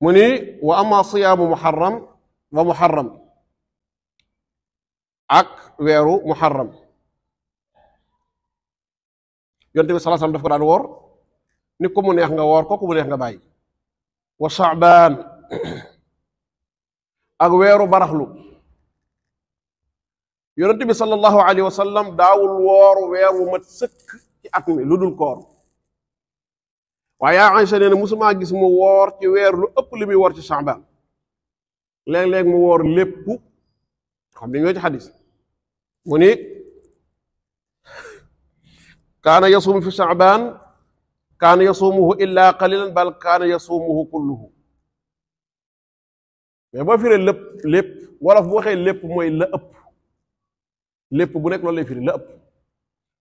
mu ni wa ama siyaamu muharram wa muharram ak weeru muharram yonte bi sallallahu alayhi wasallam daf ko daan woor ni ku mu neex nga woor ko ku mu neex nga bàyyi wa sha'baan ak weeru baraxlu yonente bi sallallahu alayhi wasallam daawul woor weer wu mat sëkk ci at mi lu dul koor waaye Aïcha nee na musumaa gis mu woor ci weer lu ëpp li muy woor ci Shaaban léeg-léeg mu woor lépp xam ne ñoo ci xadis mu ni kaana yasuumu fi Shaaban kaana yasuumuhu illaa qalilan bal kaana yasuumuhu kulluhu mais boo firee lépp lépp wolof bu waxee lépp mooy la ëpp lépp bu nekk loolu lay firi la ëpp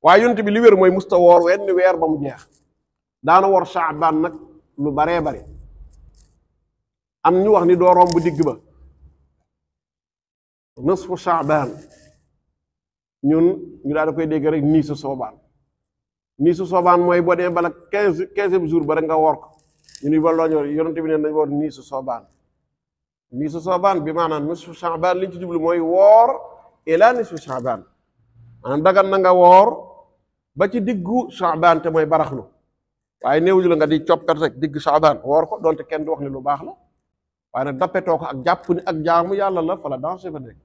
waaye yonent bi li wér mooy musta woor wenn weer ba mu jeex daana wor Shaaban nag lu baree bari am ñu wax ni doo romb digg ba nisfu Shaaban ñun ñu daa di koy dégg rek nii su soobaan nii su soobaan mooy boo dee bala quinze quinzième jour ba rek nga wor ko ñu ni ba looñoo yonente bi ne nañ wor nii su soobaan nii su soobaan bi maanaam nisfu Shaaban liñ ci jublu mooy woor ilaa nisfu Shaaban maanaam dagan na nga woor ba ci diggu Shaaban te mooy baraxlu waaye néewuñu la nga di coppat rek digg Shaaban woor ko donte kenn di wax ne lu baax la waaye nag dappetoo ko ak jàpp ni ak jaamu yàlla la fala danger ba nekk